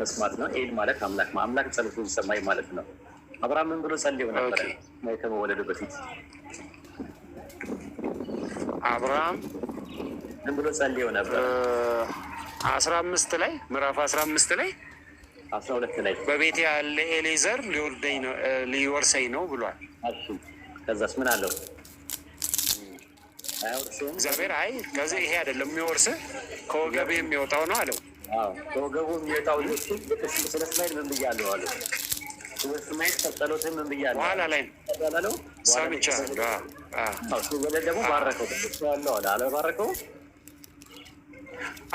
መስማት ነው። ኤል ማለት አምላክ ነው። አምላክ ጸሎቱ ሰማይ ማለት ነው። አብርሃም ምን ብሎ ጸልዮ ነበረ ከመወለዱ በፊት? አብርሃም ምን ብሎ ጸልዮ ነበረ? አስራ አምስት ላይ ምዕራፍ አስራ አምስት ላይ አስራ ሁለት ላይ በቤት ያለ ኤሌዘር ነው ሊወርሰኝ ነው ብሏል። ከዛስ ምን አለው እግዚአብሔር? አይ ከዚህ ይሄ አይደለም የሚወርስ ከወገብ የሚወጣው ነው አለው ወገቡ የሚወጣው ልብሱ ስለ እስማኤል ምን ብያለሁ አለ። ስለ እስማኤል ምን ብያለሁ ላይ ሰምቻለሁ። ሲወለድ ደግሞ ባረከው ያለው አለ አለባረከው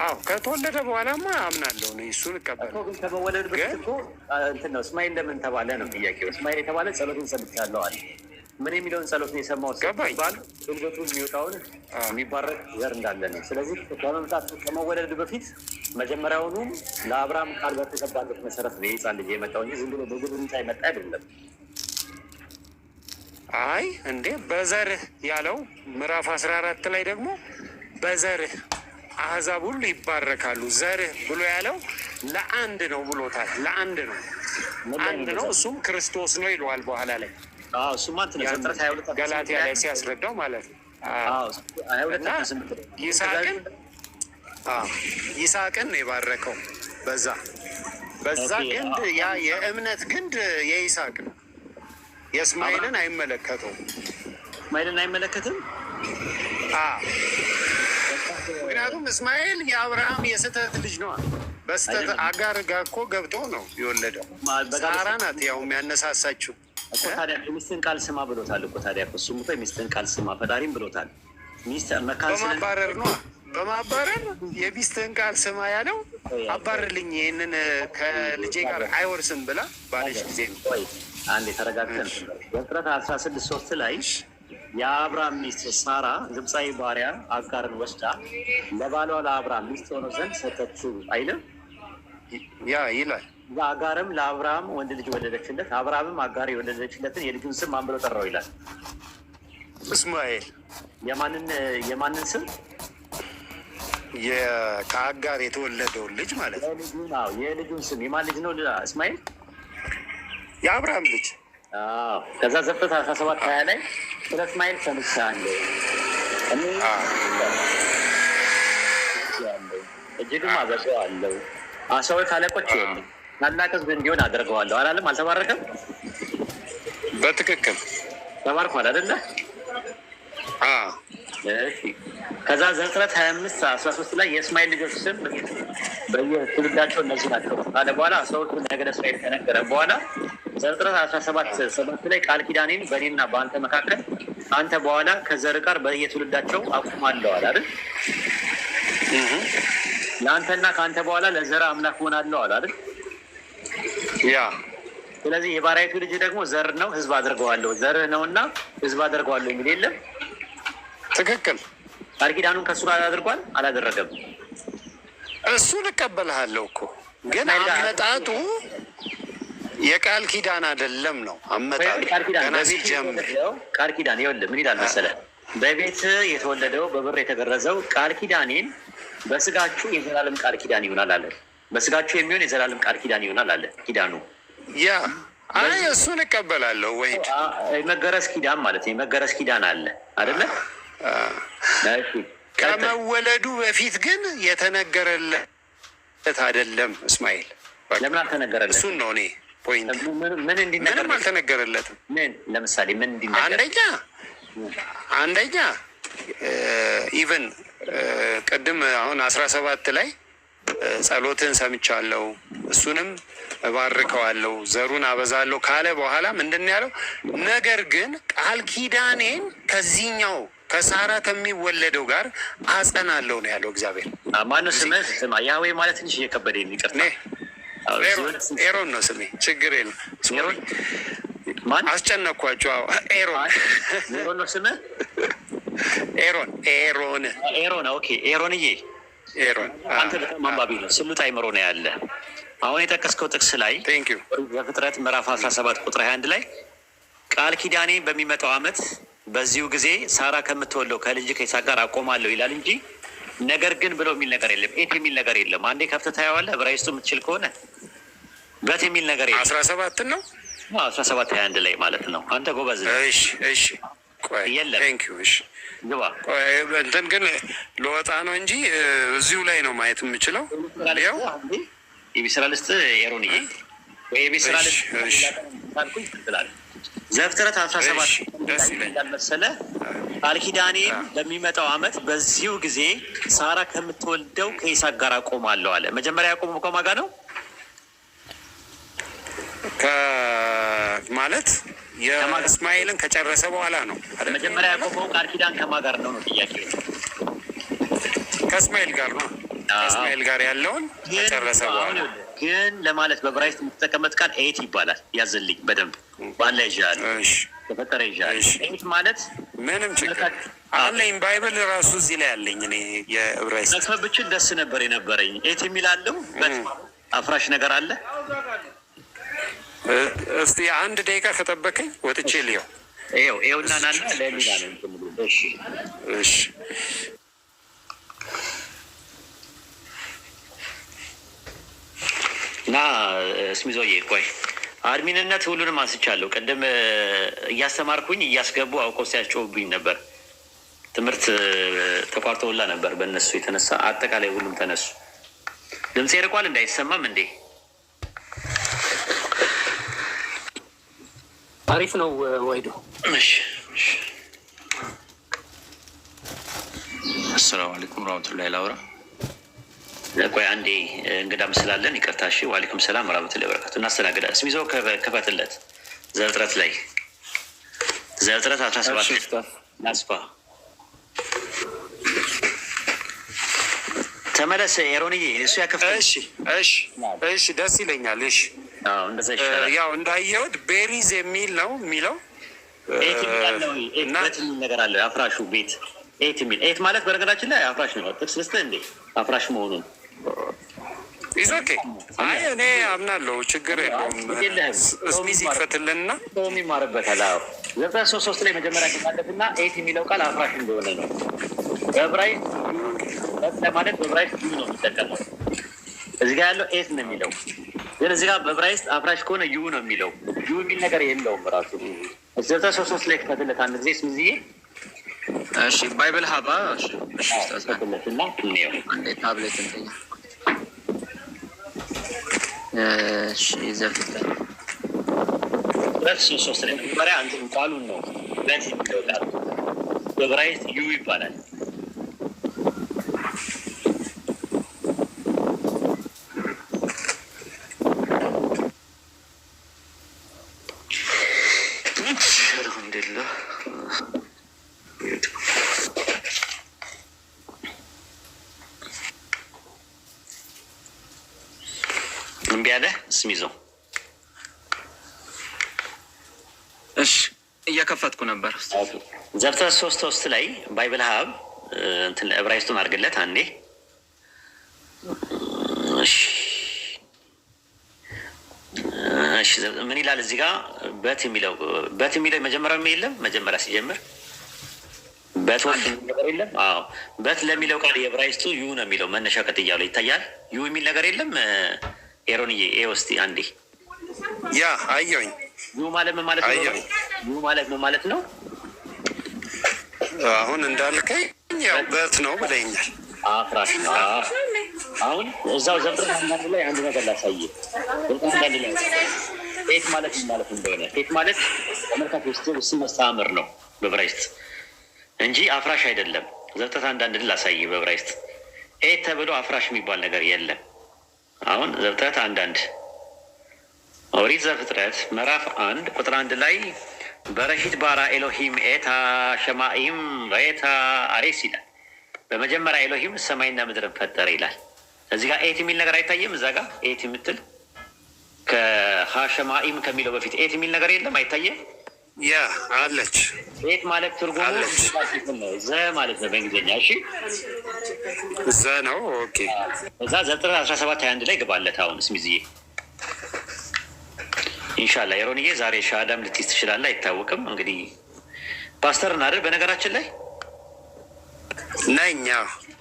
አዎ ከተወለደ በኋላማ አምናለሁ ነው እሱን እቀበል። ከመወለድ በፊት እኮ እንትን ነው እስማኤል ለምን ተባለ ነው ጥያቄው። እስማኤል የተባለ ጸሎትን ሰምቻለሁ አለ ምን የሚለውን ጸሎት ነው የሰማው ሲባል ጉልበቱ የሚወጣውን የሚባረክ ዘር እንዳለን። ስለዚህ ከመምጣት ከመወለድ በፊት መጀመሪያውኑም ለአብርሃም ቃል በተገባለት መሰረት ነው የህፃን ልጅ የመጣው እንጂ ዝም ብሎ በጉብኝታ የመጣ አይደለም። አይ እንዴ በዘርህ ያለው ምዕራፍ አስራ አራት ላይ ደግሞ በዘርህ አህዛብ ሁሉ ይባረካሉ። ዘርህ ብሎ ያለው ለአንድ ነው ብሎታል። ለአንድ ነው አንድ ነው እሱም ክርስቶስ ነው ይለዋል በኋላ ላይ ገላትያ ላይ ሲያስረዳው ማለት ነው። ይስሐቅን ነው የባረከው በዛ በዛ ግንድ ያ የእምነት ግንድ የይስሐቅ ነው። የእስማኤልን አይመለከተውም። እስማኤልን አይመለከትም። ምክንያቱም እስማኤል የአብርሃም የስህተት ልጅ ነዋ። በስህተት አጋር ጋር እኮ ገብቶ ነው የወለደው። ሳራ ናት ያው የሚያነሳሳችው እኮ ታዲያ የሚስትን ቃል ስማ ብሎታል እኮ ታዲያ እሱም እኮ የሚስትን ቃል ስማ ፈጣሪም ብሎታል። በማባረር ነው በማባረር የሚስትን ቃል ስማ ያለው አባርልኝ፣ ይህንን ከልጄ ጋር አይወርስም ብላ ባለች ጊዜ ነው። አንድ የተረጋግተን ዘፍጥረት አስራ ስድስት ሶስት ላይ የአብርሃም ሚስት ሳራ ግብፃዊ ባሪያ አጋርን ወስዳ ለባሏ ለአብርሃም ሚስት ሆነው ዘንድ ሰጠችው አይልም? ያ ይላል አጋርም ለአብርሃም ወንድ ልጅ ወለደችለት፣ አብርሃምም አጋር የወለደችለትን የልጁን ስም ማን ብለው ጠራው ይላል። እስማኤል። የማንን የማንን ስም? ከአጋር የተወለደውን ልጅ ማለት ነው። የልጁን ስም የማን ልጅ ነው? እስማኤል የአብርሃም ልጅ። ከዛ ዘፍጥረት አስራ ሰባት ሀያ ላይ ስለ እስማኤል ሰምቻለሁ እኔ እጅግም አበዛዋለሁ፣ አሰዎች አለቆች የለም ታላቅ ህዝብ እንዲሆን አድርገዋለሁ አላለም? አልተባረከም? በትክክል ተባርኳል አደለ? ከዛ ዘፍጥረት ሀያ አምስት አስራ ሶስት ላይ የእስማኤል ልጆች ስም በየትውልዳቸው እነዚህ ናቸው ካለ በኋላ አስራ ሁለቱ ነገደ እስራኤል ከነገረ በኋላ ዘፍጥረት አስራ ሰባት ሰባት ላይ ቃል ኪዳኔን በእኔና በአንተ መካከል አንተ በኋላ ከዘር ጋር በየትውልዳቸው አቁማለሁ አለ አይደል? ለአንተና ከአንተ በኋላ ለዘር አምላክ ሆናለሁ አይደል? ያ ስለዚህ የባሪያይቱ ልጅ ደግሞ ዘር ነው ህዝብ አድርገዋለሁ ዘር ነው እና ህዝብ አድርገዋለሁ የሚል የለም። ትክክል። ቃል ኪዳኑን ከእሱ ጋር አድርጓል አላደረገም? እሱን እቀበልሃለሁ እኮ ግን አመጣጡ የቃል ኪዳን አይደለም ነው አመጣጡ። ገና ቃል ኪዳን ይኸውልህ ምን ይላል መሰለህ በቤት የተወለደው በብር የተገረዘው ቃል ኪዳኔን በስጋችሁ የዘላለም ቃል ኪዳን ይሆናል አለን። በስጋቸው የሚሆን የዘላለም ቃል ኪዳን ይሆናል አለ። ኪዳኑ ያ አይ እሱን እቀበላለሁ። ወይድ መገረዝ ኪዳን ማለት ነው። መገረዝ ኪዳን አለ አደለ? ከመወለዱ በፊት ግን የተነገረለት አይደለም። እስማኤል ለምን አልተነገረለት? እሱን ነው እኔ ፖይንት። ምንም አልተነገረለትም። ምን ለምሳሌ ምን እንዲነገር? አንደኛ አንደኛ ኢቨን ቅድም አሁን አስራ ሰባት ላይ ጸሎትን ሰምቻለሁ፣ እሱንም እባርከዋለሁ፣ ዘሩን አበዛለሁ ካለ በኋላ ምንድን ያለው? ነገር ግን ቃል ኪዳኔን ከዚህኛው ከሳራ ከሚወለደው ጋር አጸናለሁ ነው ያለው እግዚአብሔር። ማነው ስምህ? ያህዌ ማለት ትንሽ እየከበደ የሚቀር ኤሮን ነው ስሜ። ችግር የለም አስጨነኳቸው። ኤሮን ነው ስምህ? ኤሮን ኤሮን ኤሮን። ኦኬ ኤሮንዬ አንተ በጣም አንባቢ ነው፣ ስሉጥ አይምሮ ነው ያለ። አሁን የጠቀስከው ጥቅስ ላይ ዘፍጥረት ምዕራፍ 17 ቁጥር 21 ላይ ቃል ኪዳኔ በሚመጣው ዓመት በዚሁ ጊዜ ሳራ ከምትወለው ከልጅ ከይስሐቅ ጋር አቆማለሁ ይላል እንጂ ነገር ግን ብሎ የሚል ነገር የለም። ኤት የሚል ነገር የለም። አንዴ ከፍተህ ታየዋለህ። ዕብራይስጡ የምትችል ከሆነ በት የሚል ነገር የለም። አስራ ሰባትን ነው አስራ ሰባት ሀያ አንድ ላይ ማለት ነው። አንተ ጎበዝ። እሺ እሺ እንትን ግን ለወጣ ነው እንጂ እዚሁ ላይ ነው ማየት የምችለው። ው የቤስራ ልስጥ ኤሮን የቤስራ ዘፍጥረት አስራ ሰባት እንዳልመሰለ ቃል ኪዳኔን በሚመጣው አመት በዚሁ ጊዜ ሳራ ከምትወልደው ከይስሐቅ ጋር አቆማለሁ አለ። መጀመሪያ ያቆመው ከማን ጋር ነው? ማለት የእስማኤልን ከጨረሰ በኋላ ነው። መጀመሪያ ያቆመው ቃል ኪዳን ከማን ጋር ነው ነው ጥያቄ። ከእስማኤል ጋር ነው። ከእስማኤል ጋር ያለውን ከጨረሰ በኋላ ግን ለማለት በዕብራይስጥ የምትጠቀመት ቃል ኤት ይባላል። ያዘልኝ በደንብ ባለ ይዣል ተፈጠረ ይዣል ኤት ማለት ምንም ችግር አለኝ። ባይብል ራሱ እዚህ ላይ አለኝ። እኔ የዕብራይስጥ መክፈብ ደስ ነበር የነበረኝ። ኤት የሚላለው አፍራሽ ነገር አለ እስቲ አንድ ደቂቃ ከጠበቀኝ ወጥቼ ልየው። ና ስሚዞዬ ናና ቆይ አድሚንነት ሁሉንም አንስቻለሁ። ቅድም እያስተማርኩኝ እያስገቡ አውቆ ሲያስጮውብኝ ነበር። ትምህርት ተቋርጦላ ነበር። በእነሱ የተነሳ አጠቃላይ ሁሉም ተነሱ። ድምፅ ርቋል እንዳይሰማም እንዴ አሪፍ ነው ወይዶ። አሰላሙ አለይኩም ረመቱላይ ላውራ። ቆይ አንዴ እንግዳም ስላለን ይቅርታሽ። ዋሊኩም ሰላም ረመቱላ በረካቱ። እናስተናግዳ ስም ይዘው ክፈትለት ዘፍጥረት ላይ ዘፍጥረት አስራ ሰባት ናስፋ ተመለስ ኤሮንዬ፣ እሱ ያከፍ እሺ፣ እሺ፣ እሺ፣ ደስ ይለኛል። እሺ ያው እንዳየሁት ቤሪዝ የሚል ነው የሚለው ነገር አለው። አፍራሹ ቤት ኤት የሚል ኤት ማለት በነገራችን ላይ አፍራሽ ነው። ጥቅስ ልስጥህ እንዴ አፍራሽ መሆኑን ይዞኬ አይ እኔ አምናለሁ። ችግር የለውም። ስሚዝ ይክፈትልንና ሚ ይማርበታል። ዘፍጥረት ሶስት ሶስት ላይ መጀመሪያ ግባለትና ኤት የሚለው ቃል አፍራሽ እንደሆነ ነው። በብራይ ማለት በብራይ ነው የሚጠቀመው። እዚህ ጋ ያለው ኤት ነው የሚለው ግን እዚህ ጋር በብራይስጥ አፍራሽ ከሆነ ዩ ነው የሚለው ዩ የሚል ነገር የለውም። ራሱ ዘብታ ሶስት ሶስት ላይ ክፈትለት አንድ ጊዜ ስምዝዬ እሺ ባይብል ሀባ ክፈትለትና ታብሌት እሺ ሁለት ሶስት ላይ መጀመሪያ ቃሉን ነው ለት የሚለው ቃሉ በብራይስጥ ዩ ይባላል። ነበር ዘፍጥረት ሶስት ውስጥ ላይ ባይብል ሀብ ዕብራይስጡን አድርግለት አንዴ። ምን ይላል እዚህ ጋ? በት የሚለው በት የሚለው መጀመሪያ የለም መጀመሪያ ሲጀምር በት ነገር የለም። አዎ በት ለሚለው ቃል የዕብራይስጡ ዩ ነው የሚለው መነሻ ቅጥያው ይታያል። ዩ የሚል ነገር የለም። ኤሮንዬ ኤ ውስጥ አንዴ ያ አየሁኝ ዩ ማለት ምን ማለት ነው? ዩ ማለት ምን ማለት ነው? አሁን እንዳልከኝ ያው በት ነው ብለኛል። አፍራሽ አሁን እዛው ዘብር አንዳንድ ላይ አንድ ነገር ላሳይ። አንዳንድ ቴት ማለት ማለት እንደሆነ ቴት ማለት ተመልካች ውስጥ ውስ መስተምር ነው በብራይስት እንጂ አፍራሽ አይደለም። ዘብጠት አንዳንድ ላሳየህ በብራይስት ኤት ተብሎ አፍራሽ የሚባል ነገር የለም። አሁን ዘብጠት አንዳንድ ኦሪት ዘፍጥረት ምዕራፍ አንድ ቁጥር አንድ ላይ በረሺት ባራ ኤሎሂም ኤታ ሸማኢም ወኤታ አሬስ ይላል። በመጀመሪያ ኤሎሂም ሰማይና ምድርን ፈጠረ ይላል። እዚህ ጋር ኤት የሚል ነገር አይታየም። እዛ ጋር ኤት የምትል ከሀሸማኢም ከሚለው በፊት ኤት የሚል ነገር የለም፣ አይታየም። ያ አለች። ኤት ማለት ትርጉሙ ዘ ማለት ነው በእንግሊዝኛ። እሺ ዘ ነው። ኦኬ። እዛ ዘጥረት አስራ ሰባት ሀያ አንድ ላይ ግባለት አሁን ስሚዝዬ ኢንሻላ የሮንዬ ዛሬ ሻዳም ልትይዝ ትችላለህ፣ አይታወቅም። እንግዲህ ፓስተርን አይደል? በነገራችን ላይ ነኝ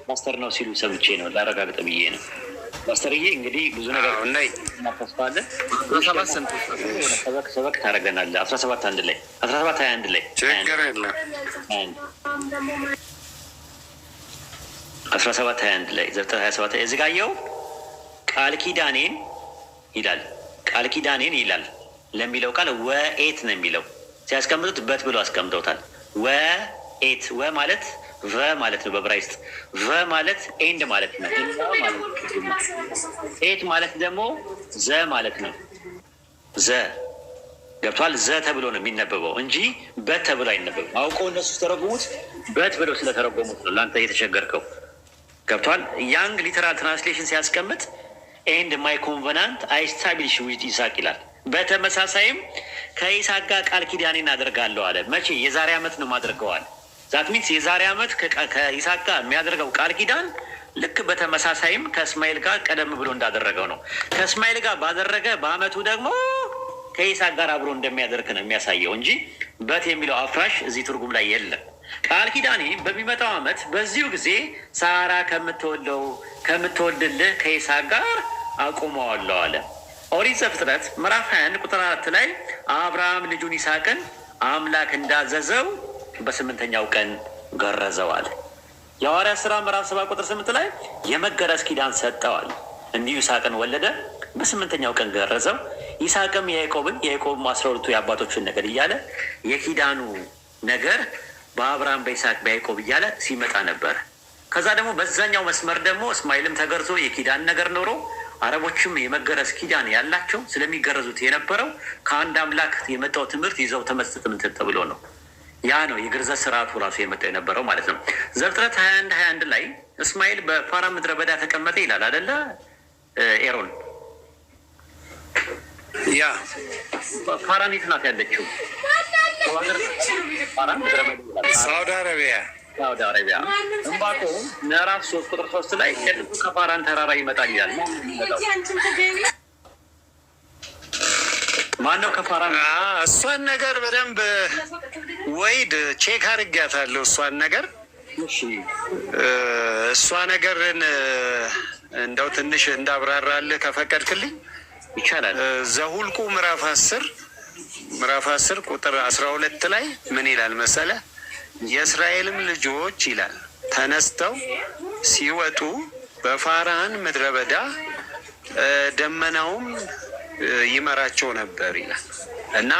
ፓስተር ነው ሲሉ ሰምቼ ነው ላረጋግጥ ብዬ ነው። ፓስተርዬ እንግዲህ ብዙ ነገር እናፈስፋለን። ሰበክ ታደርገናለህ። አስራ ሰባት አንድ ላይ አስራ ሰባት ሀያ አንድ ላይ አስራ ሰባት ሀያ አንድ ላይ ዘጠ ሀያ ሰባት እዚህ ጋየው ቃል ኪዳኔን ይላል ቃል ኪዳኔን ይላል ለሚለው ቃል ወኤት ነው የሚለው ሲያስቀምጡት በት ብሎ አስቀምጠውታል። ወኤት ወ ማለት ቨ ማለት ነው በብራይስጥ ቨ ማለት ኤንድ ማለት ነው። ኤት ማለት ደግሞ ዘ ማለት ነው። ዘ ገብቷል። ዘ ተብሎ ነው የሚነበበው እንጂ በት ተብሎ አይነበብም። አውቀው እነሱ ተረጉሙት በት ብለው ስለተረጎሙት ነው ለአንተ እየተቸገርከው። ገብቷል። ያንግ ሊተራል ትራንስሌሽን ሲያስቀምጥ ኤንድ ማይ ኮንቨናንት አይስታቢሊሽ ዊዝ ኢሳቅ ይላል። በተመሳሳይም ከይስሐቅ ጋር ቃል ኪዳኔ እናደርጋለሁ አለ። መቼ? የዛሬ ዓመት ነው ማድርገዋል። ዛት ሚንስ የዛሬ ዓመት ከይስሐቅ ጋር የሚያደርገው ቃል ኪዳን ልክ በተመሳሳይም ከእስማኤል ጋር ቀደም ብሎ እንዳደረገው ነው። ከእስማኤል ጋር ባደረገ በዓመቱ ደግሞ ከይስሐቅ ጋር አብሮ እንደሚያደርግ ነው የሚያሳየው እንጂ በት የሚለው አፍራሽ እዚህ ትርጉም ላይ የለም። ቃል ኪዳኔ በሚመጣው ዓመት በዚሁ ጊዜ ሳራ ከምትወልደው ከምትወልድልህ ከይስሐቅ ጋር አቁመዋለሁ አለ። ኦሪት ዘፍጥረት ምዕራፍ 21 ቁጥር አራት ላይ አብርሃም ልጁን ይስሐቅን አምላክ እንዳዘዘው በስምንተኛው ቀን ገረዘዋል። የሐዋርያ ሥራ ምዕራፍ ሰባ ቁጥር ስምንት ላይ የመገረዝ ኪዳን ሰጠዋል። እንዲሁ ይስሐቅን ወለደ፣ በስምንተኛው ቀን ገረዘው። ይስሐቅም የያዕቆብን የያዕቆብም አስራ ሁለቱ የአባቶችን ነገር እያለ የኪዳኑ ነገር በአብርሃም በይስሐቅ በያዕቆብ እያለ ሲመጣ ነበር። ከዛ ደግሞ በዛኛው መስመር ደግሞ እስማኤልም ተገርዞ የኪዳን ነገር ኖሮ አረቦችም የመገረዝ ኪዳን ያላቸው ስለሚገረዙት የነበረው ከአንድ አምላክ የመጣው ትምህርት ይዘው ተመስጥ ምንትን ተብሎ ነው። ያ ነው የግርዘ ስርዓቱ ራሱ የመጣው የነበረው ማለት ነው። ዘፍጥረት ሀያ አንድ ሀያ አንድ ላይ እስማኤል በፋራ ምድረ በዳ ተቀመጠ ይላል አደለ? ኤሮን ያ ፋራን የት ናት ያለችው? ሳውዲ አረቢያ ሳውዲ አረቢያ እምባቆ ምዕራፍ ሶስት ቁጥር ሶስት ላይ ጻድቁ ከፋራን ተራራ ይመጣል ይላል። ማነው ከፋራን? እሷን ነገር በደንብ ወይድ ቼክ አድርጊያታለሁ። እሷን ነገር እሷ ነገርን እንደው ትንሽ እንዳብራራልህ ከፈቀድክልኝ ይቻላል። ዘሁልቁ ምዕራፍ አስር ምዕራፍ አስር ቁጥር አስራ ሁለት ላይ ምን ይላል መሰለህ? የእስራኤልም ልጆች ይላል ተነስተው ሲወጡ በፋራን ምድረ በዳ ደመናውም ይመራቸው ነበር ይላል እና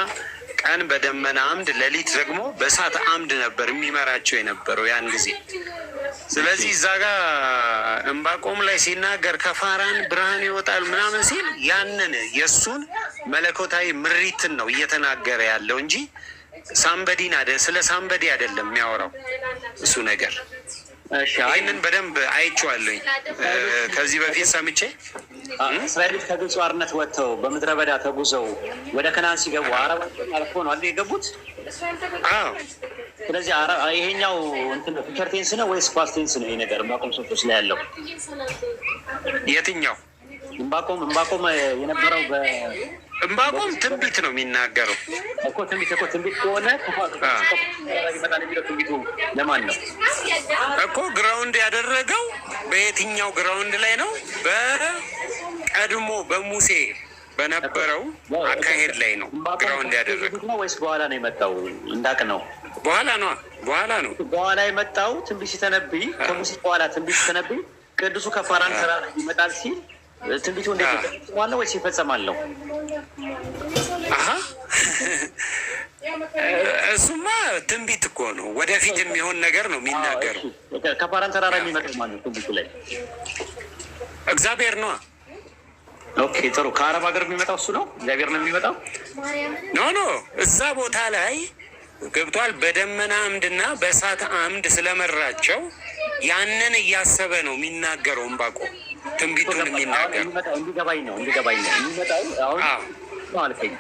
ቀን በደመና አምድ፣ ሌሊት ደግሞ በእሳት አምድ ነበር የሚመራቸው የነበረው ያን ጊዜ። ስለዚህ እዛ ጋ እምባቆም ላይ ሲናገር ከፋራን ብርሃን ይወጣል ምናምን ሲል ያንን የእሱን መለኮታዊ ምሪትን ነው እየተናገረ ያለው እንጂ ሳምበዲን ስለ ሳምበዲ አይደለም የሚያወራው እሱ ነገር። ይህንን በደንብ አይቼዋለሁኝ ከዚህ በፊት ሰምቼ እስራኤሎች ከግብፅ ባርነት ወጥተው በምድረ በዳ ተጉዘው ወደ ከናን ሲገቡ አረብ አልፎ ነው አለ የገቡት። ስለዚህ ይሄኛው ፊቸር ቴንስ ነው ወይስ ፓስት ቴንስ ነው? ይሄ ነገር ዕንባቆም ሶስት ላይ ያለው የትኛው ዕንባቆም? ዕንባቆም የነበረው እምባቆም ትንቢት ነው የሚናገረው እኮ ትንቢት እኮ ትንቢት ከሆነ ለማን ነው እኮ ግራውንድ ያደረገው? በየትኛው ግራውንድ ላይ ነው? በቀድሞ በሙሴ በነበረው አካሄድ ላይ ነው ግራውንድ ያደረገው ወይስ በኋላ ነው የመጣው? እንዳቅ ነው በኋላ ነው በኋላ ነው በኋላ የመጣው ትንቢት ሲተነብይ ከሙሴ በኋላ ትንቢት ሲተነብይ ቅዱሱ ከፋራን ተራራ ይመጣል ሲል ትንቢቱ እንዴት ይፈጸማል ወይስ ይፈጸማል? እሱማ ትንቢት እኮ ነው። ወደፊት የሚሆን ነገር ነው የሚናገሩ። ከፓራን ተራራ የሚመጣው ማለት ትንቢቱ ላይ እግዚአብሔር ነዋ። ኦኬ ጥሩ። ከአረብ ሀገር የሚመጣው እሱ ነው። እግዚአብሔር ነው የሚመጣው። ኖ ኖ፣ እዛ ቦታ ላይ ገብቷል። በደመና አምድና በእሳት አምድ ስለመራቸው ያንን እያሰበ ነው የሚናገረው ዕንባቆም ትንቢቱን የሚናገር እንዲገባኝ ነው የሚመጣው አሁን ማለትኝ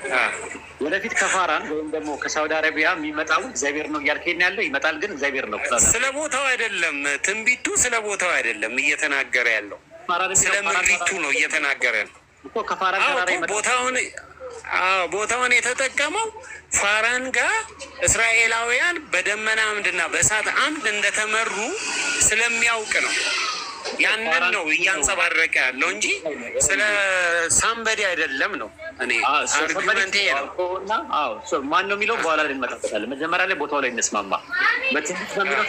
ወደፊት ከፋራን ወይም ደግሞ ከሳውዲ አረቢያ የሚመጣው እግዚአብሔር ነው እያልከኝ ያለው ይመጣል፣ ግን እግዚአብሔር ነው ስለ ቦታው አይደለም። ትንቢቱ ስለ ቦታው አይደለም እየተናገረ ያለው ስለ ምድሪቱ ነው እየተናገረ ነው። ቦታውን ቦታውን የተጠቀመው ፋራን ጋር እስራኤላውያን በደመና አምድና በእሳት አምድ እንደተመሩ ስለሚያውቅ ነው። ያንን ነው እያንጸባረቀ ያለው እንጂ ስለ ሳምበዴ አይደለም ነው። እኔ ነው። ማን ነው የሚለው በኋላ ላይ እንመጣበታለን። መጀመሪያ ላይ ቦታው ላይ እንስማማ። በትንሽ በሚለው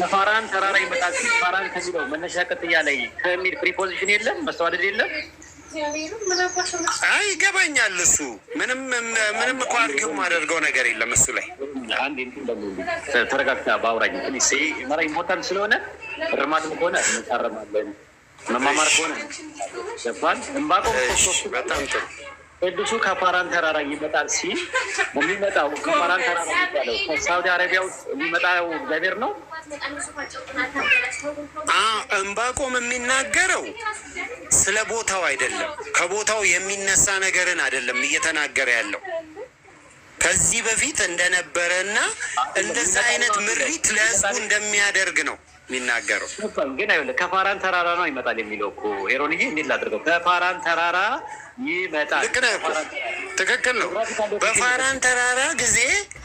ተፋራን ተራራ ይመጣል። ተፋራን ከሚለው መነሻ ቅጥያ ላይ ከሚል ፕሪፖዚሽን የለም መስተዋደድ የለም አይ ይገባኛል። እሱ ምንም ምንም እኮ አድርጊው ማደርገው ነገር የለም እሱ ላይ አንድ ተረጋግታ በአውራኝ መራ ሞታል ስለሆነ እርማትም ከሆነ እንታረማለን። መማማር ከሆነ በጣም ጥሩ ቅዱሱ ከፓራን ተራራ ይመጣል ሲል የሚመጣው ከፓራን ተራራ የሚባለው ከሳውዲ አረቢያ ውስጥ የሚመጣው እግዚአብሔር ነው። እምባቆም የሚናገረው ስለ ቦታው አይደለም፣ ከቦታው የሚነሳ ነገርን አይደለም እየተናገረ ያለው ከዚህ በፊት እንደነበረ እና እንደዚህ አይነት ምሪት ለህዝቡ እንደሚያደርግ ነው። የሚናገረው ግን አይሆን ከፋራን ተራራ ነው ይመጣል የሚለው እኮ ሄሮን ይ እንዴት ላድርገው? ከፋራን ተራራ ይመጣል። ልክ ነህ፣ ትክክል ነው። በፋራን ተራራ ጊዜ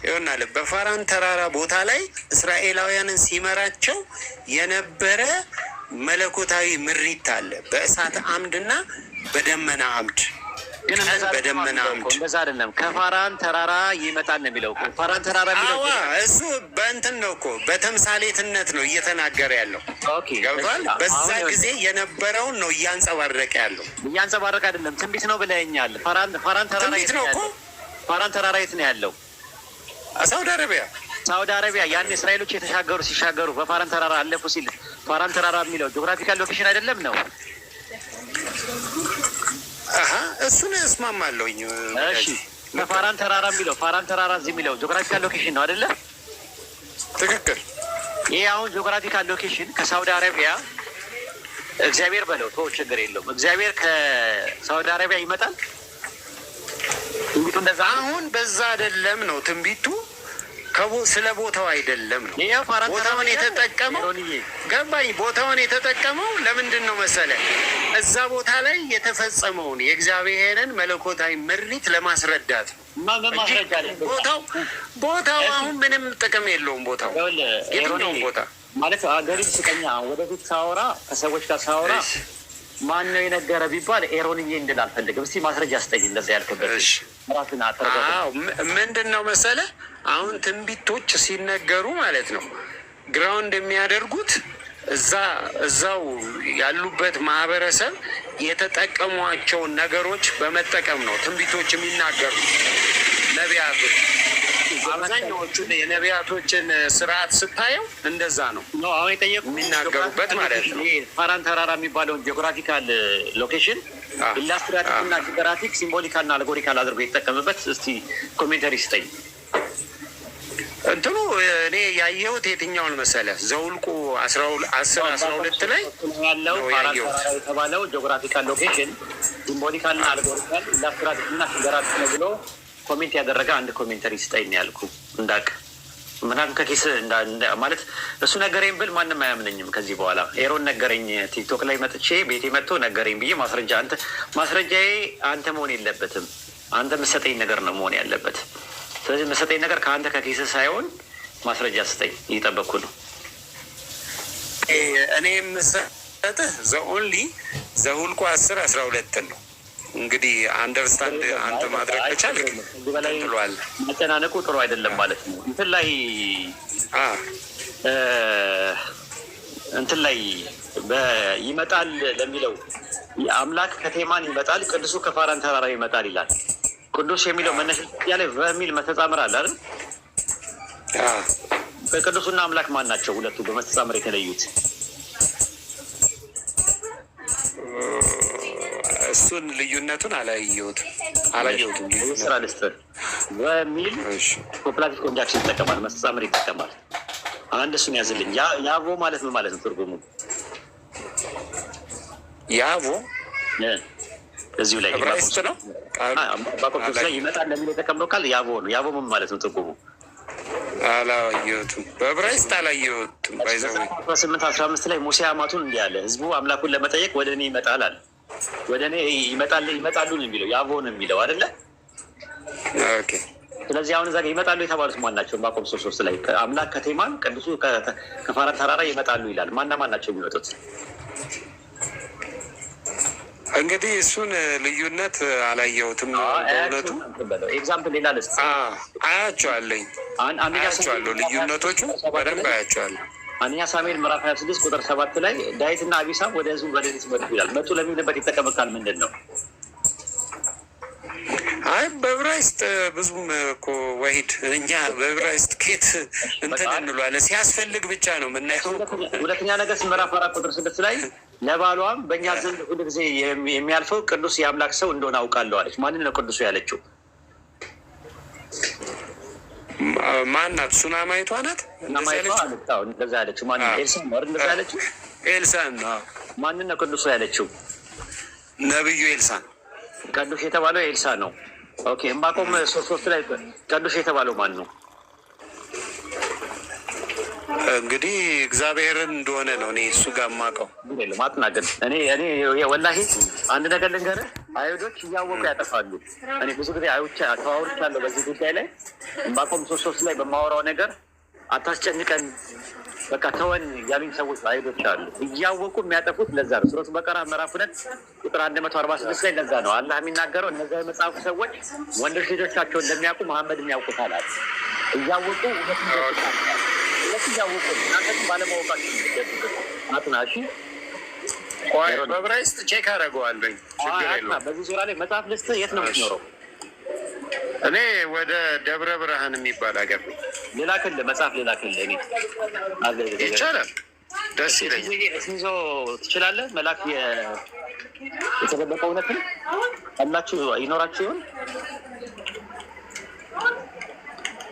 ይሆናል። በፋራን ተራራ ቦታ ላይ እስራኤላውያንን ሲመራቸው የነበረ መለኮታዊ ምሪት አለ፣ በእሳት አምድና በደመና አምድ ግን በደመና እንደዛ አይደለም። ከፋራን ተራራ ይመጣል ነው የሚለው። ፋራን ተራራ የሚለው እሱ በእንትን ነው እኮ በተምሳሌትነት ነው እየተናገረ ያለው ገብቷል። በዛ ጊዜ የነበረውን ነው እያንጸባረቀ ያለው። እያንጸባረቀ አይደለም ትንቢት ነው ብለኛል። ፋራን ተራራ የት ነው እኮ ፋራን ተራራ የት ነው ያለው? ሳውዲ አረቢያ ሳውዲ አረቢያ ያን እስራኤሎች የተሻገሩ ሲሻገሩ በፋራን ተራራ አለፉ ሲል ፋራን ተራራ የሚለው ጂኦግራፊካል ሎኬሽን አይደለም ነው እሱን እስማማለሁኝ። እሺ ተራራ የሚለው ፋራን ተራራ እዚህ የሚለው ጂኦግራፊካል ሎኬሽን ነው አይደለ? ትክክል። ይህ አሁን ጂኦግራፊካል ሎኬሽን ከሳውዲ አረቢያ እግዚአብሔር በለው ቶ ችግር የለውም። እግዚአብሔር ከሳውዲ አረቢያ ይመጣል። ትንቢቱ እንደዛ አሁን በዛ አይደለም ነው ትንቢቱ ስለ ቦታው አይደለም ነው። ቦታውን የተጠቀመው ገባኝ። ቦታውን የተጠቀመው ለምንድን ነው መሰለ እዛ ቦታ ላይ የተፈጸመውን የእግዚአብሔርን መለኮታዊ ምሪት ለማስረዳት ነው። ቦታው ቦታው አሁን ምንም ጥቅም የለውም። ቦታው የትኛውም ቦታ ማለት አገሪ ስቀኛ ወደፊት ሳወራ ከሰዎች ጋር ሳወራ ማን ነው የነገረ ቢባል ኤሮንዬ እንድል አልፈልግም። እስኪ ማስረጃ ስጠኝ። እንደዚ ያልክበት ምንድን ነው መሰለ አሁን ትንቢቶች ሲነገሩ ማለት ነው ግራውንድ የሚያደርጉት እዛ እዛው ያሉበት ማህበረሰብ የተጠቀሟቸውን ነገሮች በመጠቀም ነው ትንቢቶች የሚናገሩ ነቢያቶች አብዛኛዎቹን የነቢያቶችን ስርዓት ስታየው እንደዛ ነው አሁን የጠየቁ የሚናገሩበት ማለት ነው። ፋራን ተራራ የሚባለውን ጂኦግራፊካል ሎኬሽን ኢላስትራቲቭ እና ጂኦግራፊክ ሲምቦሊካል እና አልጎሪካል አድርጎ የተጠቀምበት እስቲ ኮሜንተሪ ስጠኝ። እንትኑ እኔ ያየሁት የትኛውን መሰለ ዘውልቁ አስራ ሁለት ላይ ያለው የተባለው ጂኦግራፊካል ሎኬሽን ሲምቦሊካልና አልጎሪካል ኢላስትራቲቭና ሲገራት ነው ብሎ ኮሜንት ያደረገ አንድ ኮሜንተሪ ስጠኝ ያልኩ እንዳቅ ምናምን ከኪስ ማለት እሱ ነገረኝ ብል ማንም አያምነኝም። ከዚህ በኋላ ኤሮን ነገረኝ ቲክቶክ ላይ መጥቼ ቤቴ መጥቶ ነገረኝ ብዬ ማስረጃ አንተ ማስረጃዬ አንተ መሆን የለበትም። አንተ የምትሰጠኝ ነገር ነው መሆን ያለበት። ስለዚህ መሰጠኝ ነገር ከአንተ ከኪስ ሳይሆን ማስረጃ ስጠኝ። እየጠበኩ ነው። እኔ የምሰጥህ ዘኦንሊ ዘሁልቁ አስር አስራ ሁለትን ነው። እንግዲህ አንደርስታንድ አንተ ማድረግ ብቻል መጨናነቁ ጥሩ አይደለም ማለት ነው። እንትን ላይ እንትን ላይ ይመጣል ለሚለው አምላክ ከቴማን ይመጣል፣ ቅዱሱ ከፋራን ተራራ ይመጣል ይላል። ቅዱስ የሚለው መነሻ ያለ በሚል መተጻመር አለ አይደል? በቅዱሱና አምላክ ማን ናቸው ሁለቱ በመተጻመር የተለዩት? እሱን ልዩነቱን አላየሁትም አላየሁትም። ስራ ልስጥህ በሚል ኮፕላቲቭ ኮንጃክሽን ይጠቀማል፣ መተጻመር ይጠቀማል። አንድ እሱን ያዝልኝ። ያቦ ማለት ምን ማለት ነው? ትርጉሙ ያቦ እዚሁ ላይ ዕብራይስጥ ነው ባቆስ ላይ ይመጣል ለሚል የተቀምጠው ቃል ያቦ ነው። ያቦ ምን ማለት ነው? ትርጉሙ? አላየሁትም፣ በዕብራይስጥ አላየሁትም። አስራ ስምንት አስራ አምስት ላይ ሙሴ አማቱን እንዲህ አለ፣ ህዝቡ አምላኩን ለመጠየቅ ወደ እኔ ይመጣል አለ። ወደ እኔ ይመጣል ይመጣሉ ነው የሚለው ያቦ ነው የሚለው አደለ? ስለዚህ አሁን እዛ ጋር ይመጣሉ የተባሉት ማን ናቸው? ባቆም ሶስት ሶስት ላይ አምላክ ከቴማን ቅዱሱ ከፋራን ተራራ ይመጣሉ ይላል። ማና ማን ናቸው የሚመጡት? እንግዲህ እሱን ልዩነት አላየሁትም። በእውነቱ ኤግዛምፕል ሌላ ልስጥ አያቸዋለኝ አያቸዋለሁ፣ ልዩነቶቹ በደንብ አያቸዋለሁ። አንደኛ ሳሙኤል ምዕራፍ 26 ቁጥር ሰባት ላይ ዳዊትና አቢሳ ወደ ህዝቡ በሌሊት መጡ ይላል። መጡ ለሚልበት ይጠቀምካል ምንድን ነው? አይ በብራይስጥ ብዙም እኮ ወሂድ እኛ በብራይስጥ ኬት እንትን እንሏለን። ሲያስፈልግ ብቻ ነው የምናየው። ሁለተኛ ነገሥት ምዕራፍ አራት ቁጥር ስድስት ላይ ለባሏም በእኛ ዘንድ ሁሉ ጊዜ የሚያልፈው ቅዱስ የአምላክ ሰው እንደሆነ አውቃለሁ አለች። ማንን ነው ቅዱሱ ያለችው? ማናት? ሱና ማየቷ ናት። እንደዛ ያለችው ማ ኤልሳን ነው። ማንን ነው ቅዱሱ ያለችው? ነብዩ ኤልሳን። ቅዱስ የተባለው ኤልሳ ነው። ኦኬ። ዕንባቆም ሶስት ሶስት ላይ ቅዱስ የተባለው ማን ነው? እንግዲህ እግዚአብሔርን እንደሆነ ነው። እኔ እሱ ጋር የማውቀው አትናገር። እኔ እኔ ወላሂ አንድ ነገር ልንገርህ፣ አይሁዶች እያወቁ ያጠፋሉ። እኔ ብዙ ጊዜ አይቻ ተዋውርቻለሁ በዚህ ጉዳይ ላይ ባቆም ሶስት ሶስት ላይ በማወራው ነገር አታስጨንቀን በቃ ተወን ያሉኝ ሰዎች አይሁዶች አሉ። እያወቁ የሚያጠፉት ለዛ ነው። ሱረቱ በቀራ ምዕራፍ ሁለት ቁጥር አንድ መቶ አርባ ስድስት ላይ ለዛ ነው አላህ የሚናገረው እነዚ የመጽሐፉ ሰዎች ወንዶች ልጆቻቸው እንደሚያውቁ መሐመድ የሚያውቁታል አለ እያወቁ እያወቁ እናንተ ግን ባለማወቃችሁ አጥናሽ በብራይስጥ ቼክ አደርገዋለኝ። በዚህ ዙሪያ ላይ መጽሐፍ ልስጥ። የት ነው የምትኖረው? እኔ ወደ ደብረ ብርሃን የሚባል ሀገር ነው። ሌላ ክልል መጽሐፍ ሌላ ክልል እኔ ይቻላል። ደስ ይለኛል። ይዞ ትችላለህ መላክ የተደበቀ እውነትን አላችሁ ይኖራችሁ ይሆን?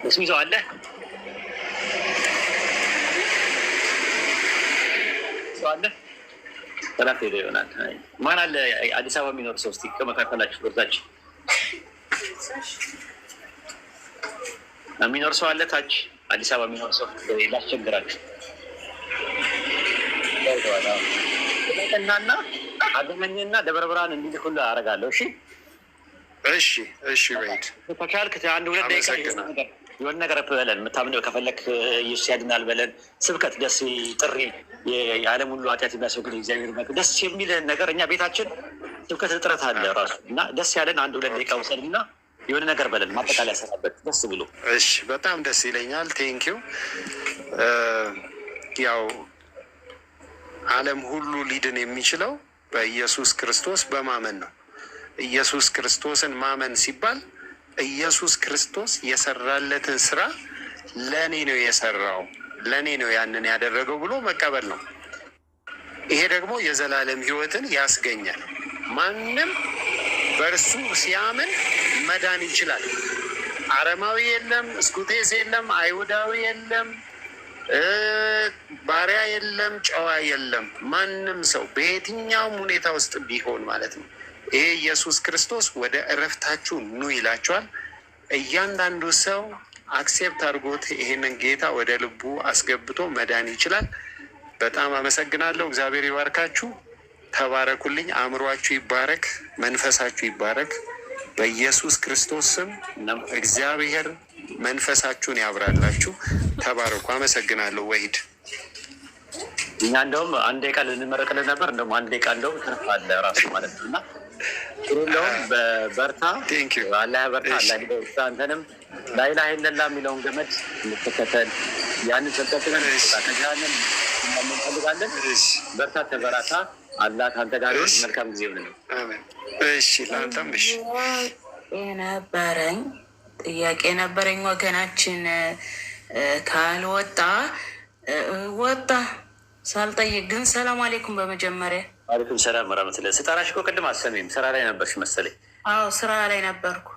እስም ይዘው አለ ሰው አለ? ሰላት ሄደ ይሆናል። ማን አለ? አዲስ አበባ የሚኖር ሰው እስኪ ከመካከላችሁ ወርታች የሚኖር ሰው አለ? ታች አዲስ አበባ የሚኖር ሰው ላስቸግራችሁ። ቀናና አገመኝና ደብረ ብርሃን እንዲልኩላ አደርጋለሁ። እሺ፣ እሺ፣ እሺ። በይድ ከቻልክ አንድ ሁለት ደቂቃ ነገር የሆነ ነገር በለን የምታምነው ከፈለክ ኢየሱስ ያድናል በለን ስብከት፣ ደስ ጥሪ፣ የዓለም ሁሉ ኃጢአት የሚያስወግድ እግዚአብሔር ደስ የሚል ነገር እኛ ቤታችን ስብከት እጥረት አለ ራሱ እና ደስ ያለን አንድ ሁለት ደቂቃ ውሰድ እና የሆነ ነገር በለን ማጠቃለያ ያሰራበት ደስ ብሎ። እሺ በጣም ደስ ይለኛል። ቴንኪው ያው ዓለም ሁሉ ሊድን የሚችለው በኢየሱስ ክርስቶስ በማመን ነው። ኢየሱስ ክርስቶስን ማመን ሲባል ኢየሱስ ክርስቶስ የሰራለትን ስራ ለእኔ ነው የሰራው ለእኔ ነው ያንን ያደረገው ብሎ መቀበል ነው። ይሄ ደግሞ የዘላለም ህይወትን ያስገኛል። ማንም በእርሱ ሲያምን መዳን ይችላል። አረማዊ የለም፣ እስኩቴስ የለም፣ አይሁዳዊ የለም፣ ባሪያ የለም፣ ጨዋ የለም። ማንም ሰው በየትኛውም ሁኔታ ውስጥ ቢሆን ማለት ነው ይሄ ኢየሱስ ክርስቶስ ወደ እረፍታችሁ ኑ ይላቸዋል። እያንዳንዱ ሰው አክሴፕት አድርጎት ይሄንን ጌታ ወደ ልቡ አስገብቶ መዳን ይችላል። በጣም አመሰግናለሁ። እግዚአብሔር ይባርካችሁ። ተባረኩልኝ። አእምሯችሁ ይባረክ፣ መንፈሳችሁ ይባረክ። በኢየሱስ ክርስቶስ ስም እግዚአብሔር መንፈሳችሁን ያብራላችሁ። ተባረኩ። አመሰግናለሁ። ወሂድ እኛ እንደውም አንድ ቃል ልንመረቅልን ነበር። እንደውም አንድ ቃል እንደውም ትርፍ አለ ራሱ ማለት ነው እና ጥሩ እንደውም በርታ አላህ አንተንም ላይላ ይለላ የሚለውን ገመድ እንፈልጋለን። በርታ ተበራታ። ከአንተ ጋር መልካም ጊዜ ሆነ። እሺ ለአንተም እሺ። የነበረኝ ጥያቄ የነበረኝ ወገናችን ካልወጣ ወጣ ሳልጠይቅ ግን ሰላም አሌይኩም በመጀመሪያ አለይኩም ሰላም ወራህመቱላህ። ስጠራሽ እኮ ቅድም አሰሚም ስራ ላይ ነበርሽ መሰለኝ። አዎ ስራ ላይ ነበርኩ።